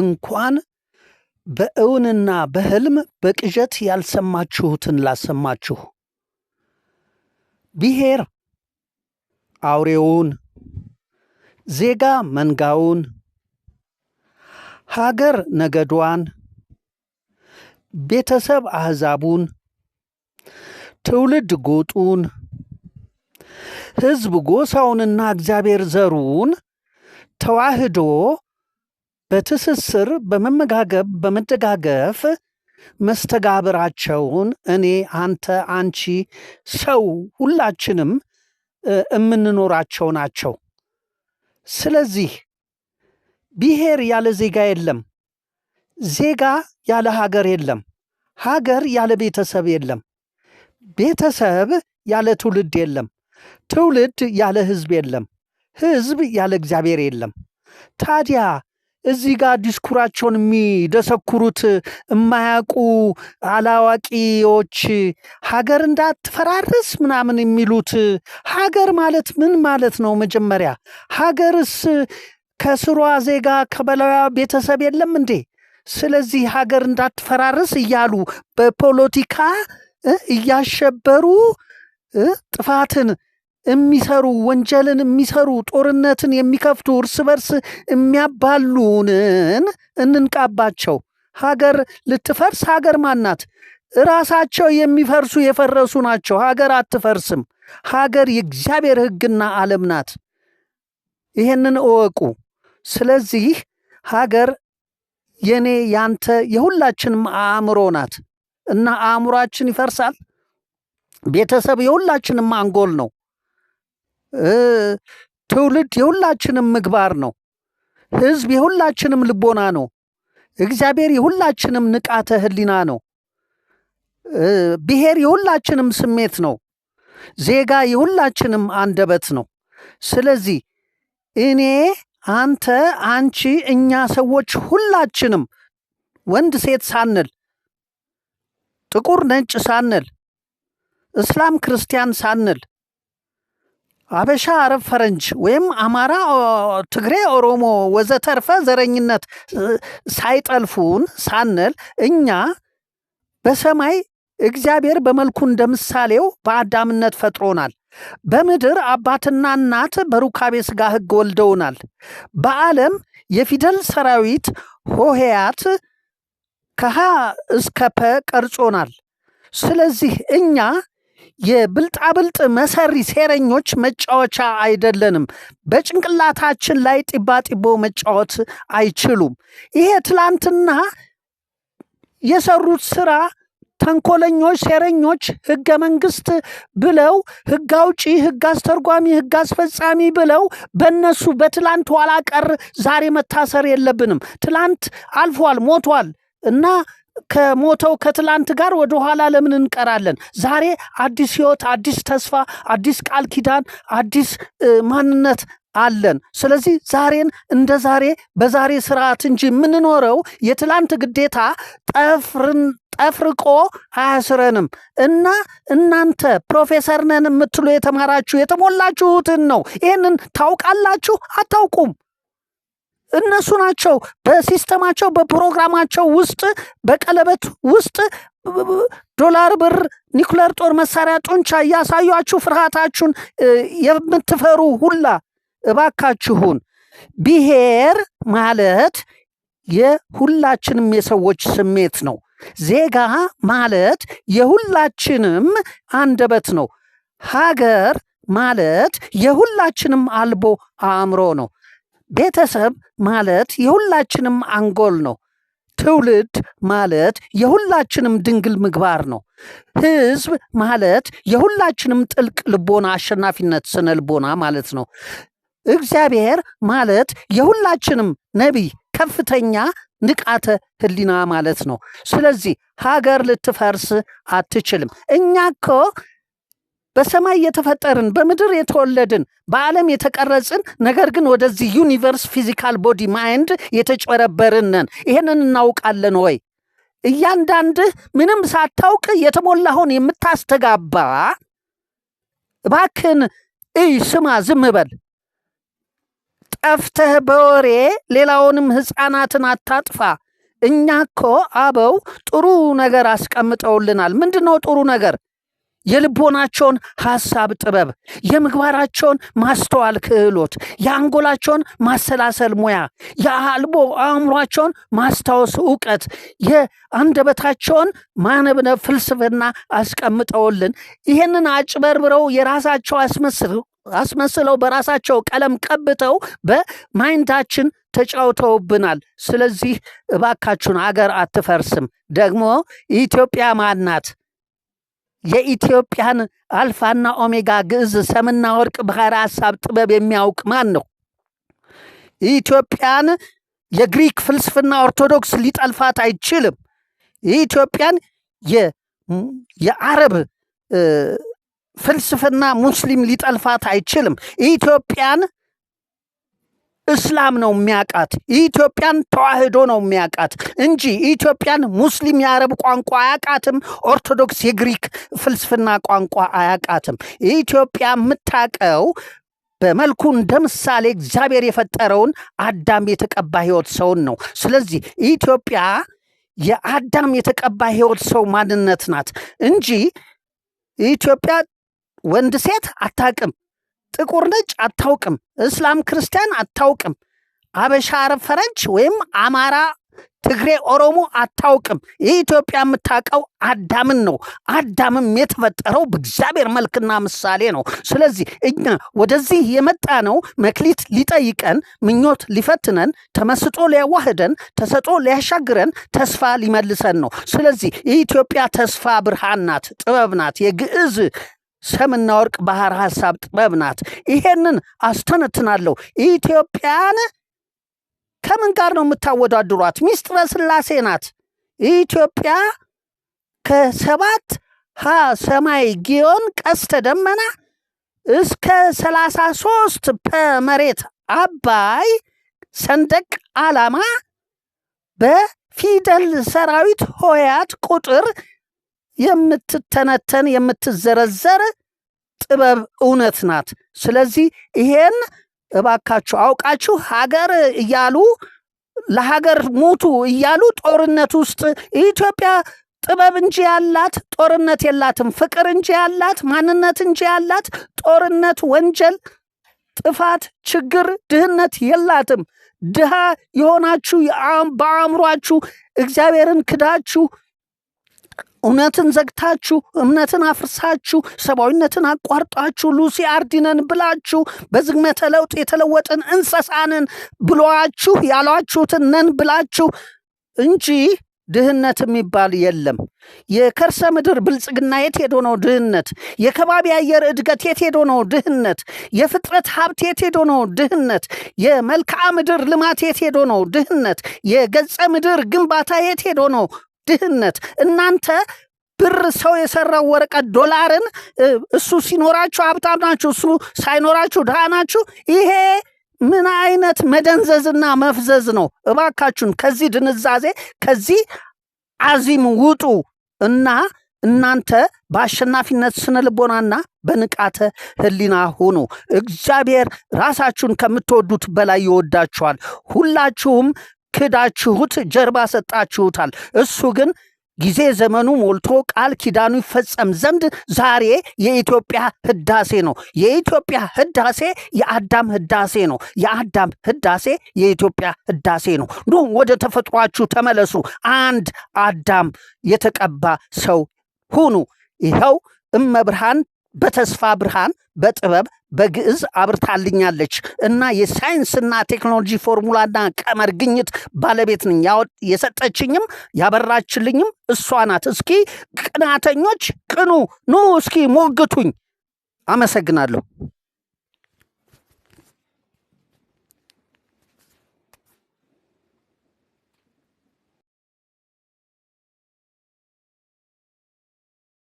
እንኳን በእውንና በሕልም በቅዠት ያልሰማችሁትን ላሰማችሁ። ብሔር አውሬውን፣ ዜጋ መንጋውን፣ ሀገር ነገዷን፣ ቤተሰብ አሕዛቡን፣ ትውልድ ጎጡን፣ ሕዝብ ጎሳውንና እግዚአብሔር ዘሩን ተዋህዶ በትስስር በመመጋገብ በመደጋገፍ መስተጋብራቸውን እኔ አንተ አንቺ ሰው ሁላችንም የምንኖራቸው ናቸው። ስለዚህ ብሔር ያለ ዜጋ የለም፣ ዜጋ ያለ ሀገር የለም፣ ሀገር ያለ ቤተሰብ የለም፣ ቤተሰብ ያለ ትውልድ የለም፣ ትውልድ ያለ ህዝብ የለም፣ ህዝብ ያለ እግዚአብሔር የለም። ታዲያ እዚህ ጋር ዲስኩራቸውን የሚደሰኩሩት የማያውቁ አላዋቂዎች ሀገር እንዳትፈራርስ ምናምን የሚሉት ሀገር ማለት ምን ማለት ነው? መጀመሪያ ሀገርስ ከስሯ ዜጋ ከበላዩ ቤተሰብ የለም እንዴ? ስለዚህ ሀገር እንዳትፈራርስ እያሉ በፖለቲካ እያሸበሩ ጥፋትን የሚሰሩ ወንጀልን የሚሰሩ ጦርነትን የሚከፍቱ እርስ በርስ የሚያባሉንን እንንቃባቸው። ሀገር ልትፈርስ ሀገር ማናት? ራሳቸው የሚፈርሱ የፈረሱ ናቸው። ሀገር አትፈርስም። ሀገር የእግዚአብሔር ሕግና ዓለም ናት። ይህንን እወቁ። ስለዚህ ሀገር የኔ ያንተ የሁላችንም አእምሮ ናት እና አእምሯችን ይፈርሳል። ቤተሰብ የሁላችንም አንጎል ነው። ትውልድ የሁላችንም ምግባር ነው። ህዝብ የሁላችንም ልቦና ነው። እግዚአብሔር የሁላችንም ንቃተ ህሊና ነው። ብሔር የሁላችንም ስሜት ነው። ዜጋ የሁላችንም አንደበት ነው። ስለዚህ እኔ፣ አንተ፣ አንቺ፣ እኛ ሰዎች ሁላችንም ወንድ ሴት ሳንል፣ ጥቁር ነጭ ሳንል፣ እስላም ክርስቲያን ሳንል አበሻ አረብ ፈረንጅ ወይም አማራ ትግሬ ኦሮሞ ወዘተርፈ ዘረኝነት ሳይጠልፉን ሳንል እኛ በሰማይ እግዚአብሔር በመልኩ እንደምሳሌው በአዳምነት ፈጥሮናል በምድር አባትና እናት በሩካቤ ሥጋ ሕግ ወልደውናል በዓለም የፊደል ሰራዊት ሆሄያት ከሃ እስከ ፐ ቀርጾናል ስለዚህ እኛ የብልጣብልጥ መሰሪ ሴረኞች መጫወቻ አይደለንም። በጭንቅላታችን ላይ ጢባጢቦ መጫወት አይችሉም። ይሄ ትላንትና የሰሩት ስራ ተንኮለኞች፣ ሴረኞች ህገ መንግስት ብለው ህግ አውጪ፣ ህግ አስተርጓሚ፣ ህግ አስፈጻሚ ብለው በነሱ በትላንት ኋላ ቀር ዛሬ መታሰር የለብንም። ትላንት አልፏል፣ ሞቷል እና ከሞተው ከትላንት ጋር ወደ ኋላ ለምን እንቀራለን? ዛሬ አዲስ ህይወት፣ አዲስ ተስፋ፣ አዲስ ቃል ኪዳን፣ አዲስ ማንነት አለን። ስለዚህ ዛሬን እንደ ዛሬ በዛሬ ስርዓት እንጂ የምንኖረው የትላንት ግዴታ ጠፍርን ጠፍርቆ አያስረንም እና እናንተ ፕሮፌሰር ነን የምትሉ የተማራችሁ የተሞላችሁትን ነው። ይህንን ታውቃላችሁ አታውቁም? እነሱ ናቸው በሲስተማቸው በፕሮግራማቸው ውስጥ በቀለበት ውስጥ ዶላር፣ ብር፣ ኒኩለር ጦር መሳሪያ፣ ጡንቻ እያሳዩችሁ ፍርሃታችሁን የምትፈሩ ሁላ እባካችሁን ብሔር ማለት የሁላችንም የሰዎች ስሜት ነው። ዜጋ ማለት የሁላችንም አንደበት ነው። ሀገር ማለት የሁላችንም አልቦ አእምሮ ነው። ቤተሰብ ማለት የሁላችንም አንጎል ነው። ትውልድ ማለት የሁላችንም ድንግል ምግባር ነው። ህዝብ ማለት የሁላችንም ጥልቅ ልቦና፣ አሸናፊነት፣ ስነ ልቦና ማለት ነው። እግዚአብሔር ማለት የሁላችንም ነቢይ፣ ከፍተኛ ንቃተ ህሊና ማለት ነው። ስለዚህ ሀገር ልትፈርስ አትችልም። እኛ እኮ በሰማይ የተፈጠርን በምድር የተወለድን በዓለም የተቀረጽን ነገር ግን ወደዚህ ዩኒቨርስ ፊዚካል ቦዲ ማይንድ የተጨረበርንን ይህንን እናውቃለን ወይ? እያንዳንድህ ምንም ሳታውቅ የተሞላሁን የምታስተጋባ እባክን እይ፣ ስማ፣ ዝም በል። ጠፍተህ በወሬ ሌላውንም ሕፃናትን አታጥፋ። እኛ እኮ አበው ጥሩ ነገር አስቀምጠውልናል። ምንድነው ነው ጥሩ ነገር? የልቦናቸውን ሐሳብ ጥበብ፣ የምግባራቸውን ማስተዋል ክህሎት፣ የአንጎላቸውን ማሰላሰል ሙያ፣ የአልቦ አእምሯቸውን ማስታወስ እውቀት፣ የአንደበታቸውን ማነብነብ ፍልስፍና አስቀምጠውልን ይህንን አጭበርብረው የራሳቸው አስመስለው በራሳቸው ቀለም ቀብተው በማይንዳችን ተጫውተውብናል። ስለዚህ እባካችሁን አገር አትፈርስም። ደግሞ ኢትዮጵያ ማናት? የኢትዮጵያን አልፋና ኦሜጋ ግዕዝ ሰምና ወርቅ ባህረ ሐሳብ ጥበብ የሚያውቅ ማን ነው? ኢትዮጵያን የግሪክ ፍልስፍና ኦርቶዶክስ ሊጠልፋት አይችልም። ኢትዮጵያን የአረብ ፍልስፍና ሙስሊም ሊጠልፋት አይችልም። ኢትዮጵያን እስላም ነው የሚያቃት። ኢትዮጵያን ተዋህዶ ነው የሚያቃት እንጂ ኢትዮጵያን ሙስሊም የአረብ ቋንቋ አያቃትም። ኦርቶዶክስ የግሪክ ፍልስፍና ቋንቋ አያቃትም። ኢትዮጵያ የምታቀው በመልኩ እንደ ምሳሌ እግዚአብሔር የፈጠረውን አዳም የተቀባ ህይወት ሰውን ነው። ስለዚህ ኢትዮጵያ የአዳም የተቀባ ህይወት ሰው ማንነት ናት እንጂ ኢትዮጵያ ወንድ ሴት አታቅም። ጥቁር ነጭ አታውቅም፣ እስላም ክርስቲያን አታውቅም፣ አበሻ አረብ ፈረንች ወይም አማራ ትግሬ ኦሮሞ አታውቅም። የኢትዮጵያ የምታውቀው አዳምን ነው። አዳምም የተፈጠረው በእግዚአብሔር መልክና ምሳሌ ነው። ስለዚህ እኛ ወደዚህ የመጣ ነው መክሊት ሊጠይቀን፣ ምኞት ሊፈትነን፣ ተመስጦ ሊያዋህደን፣ ተሰጦ ሊያሻግረን፣ ተስፋ ሊመልሰን ነው። ስለዚህ የኢትዮጵያ ተስፋ ብርሃን ናት፣ ጥበብ ናት፣ የግዕዝ ሰምና ወርቅ ባህር ሐሳብ ጥበብ ናት። ይሄንን አስተነትናለሁ። ኢትዮጵያን ከምን ጋር ነው የምታወዳድሯት? ሚስጥረ ስላሴ ናት። ኢትዮጵያ ከሰባት ሀ ሰማይ ጊዮን ቀስተ ደመና እስከ ሰላሳ ሶስት መሬት አባይ ሰንደቅ ዓላማ በፊደል ሰራዊት ሆያት ቁጥር የምትተነተን የምትዘረዘር ጥበብ እውነት ናት። ስለዚህ ይሄን እባካችሁ አውቃችሁ ሀገር እያሉ ለሀገር ሞቱ እያሉ ጦርነት ውስጥ ኢትዮጵያ ጥበብ እንጂ ያላት ጦርነት የላትም። ፍቅር እንጂ ያላት ማንነት እንጂ ያላት ጦርነት፣ ወንጀል፣ ጥፋት፣ ችግር፣ ድህነት የላትም። ድሃ የሆናችሁ በአእምሯችሁ እግዚአብሔርን ክዳችሁ እውነትን ዘግታችሁ እምነትን አፍርሳችሁ ሰብአዊነትን አቋርጣችሁ ሉሲ አርዲነን ብላችሁ በዝግመተ ለውጥ የተለወጥን እንሰሳንን ብሏችሁ ያሏችሁትን ነን ብላችሁ እንጂ ድህነት የሚባል የለም። የከርሰ ምድር ብልጽግና የት ሄዶ ነው ድህነት? የከባቢ አየር እድገት የት ሄዶ ነው ድህነት? የፍጥረት ሀብት የት ሄዶ ነው ድህነት? የመልክዓ ምድር ልማት የት ሄዶ ነው ድህነት? የገጸ ምድር ግንባታ የት ሄዶ ነው ድህነት እናንተ ብር ሰው የሰራው ወረቀት ዶላርን እሱ ሲኖራችሁ ሀብታም ናችሁ፣ እሱ ሳይኖራችሁ ድሃ ናችሁ። ይሄ ምን አይነት መደንዘዝና መፍዘዝ ነው? እባካችሁን ከዚህ ድንዛዜ ከዚህ አዚም ውጡ እና እናንተ በአሸናፊነት ስነ ልቦናና በንቃተ ህሊና ሁኑ። እግዚአብሔር ራሳችሁን ከምትወዱት በላይ ይወዳችኋል። ሁላችሁም ክዳችሁት ጀርባ ሰጣችሁታል። እሱ ግን ጊዜ ዘመኑ ሞልቶ ቃል ኪዳኑ ይፈጸም ዘንድ ዛሬ የኢትዮጵያ ህዳሴ ነው። የኢትዮጵያ ህዳሴ የአዳም ህዳሴ ነው። የአዳም ህዳሴ የኢትዮጵያ ህዳሴ ነው። ኑ ወደ ተፈጥሯችሁ ተመለሱ። አንድ አዳም የተቀባ ሰው ሁኑ። ይኸው እመብርሃን በተስፋ ብርሃን በጥበብ በግዕዝ አብርታልኛለች እና የሳይንስና ቴክኖሎጂ ፎርሙላና ቀመር ግኝት ባለቤት ነኝ። የሰጠችኝም ያበራችልኝም እሷ ናት። እስኪ ቅናተኞች ቅኑ፣ ኑ እስኪ ሞግቱኝ። አመሰግናለሁ።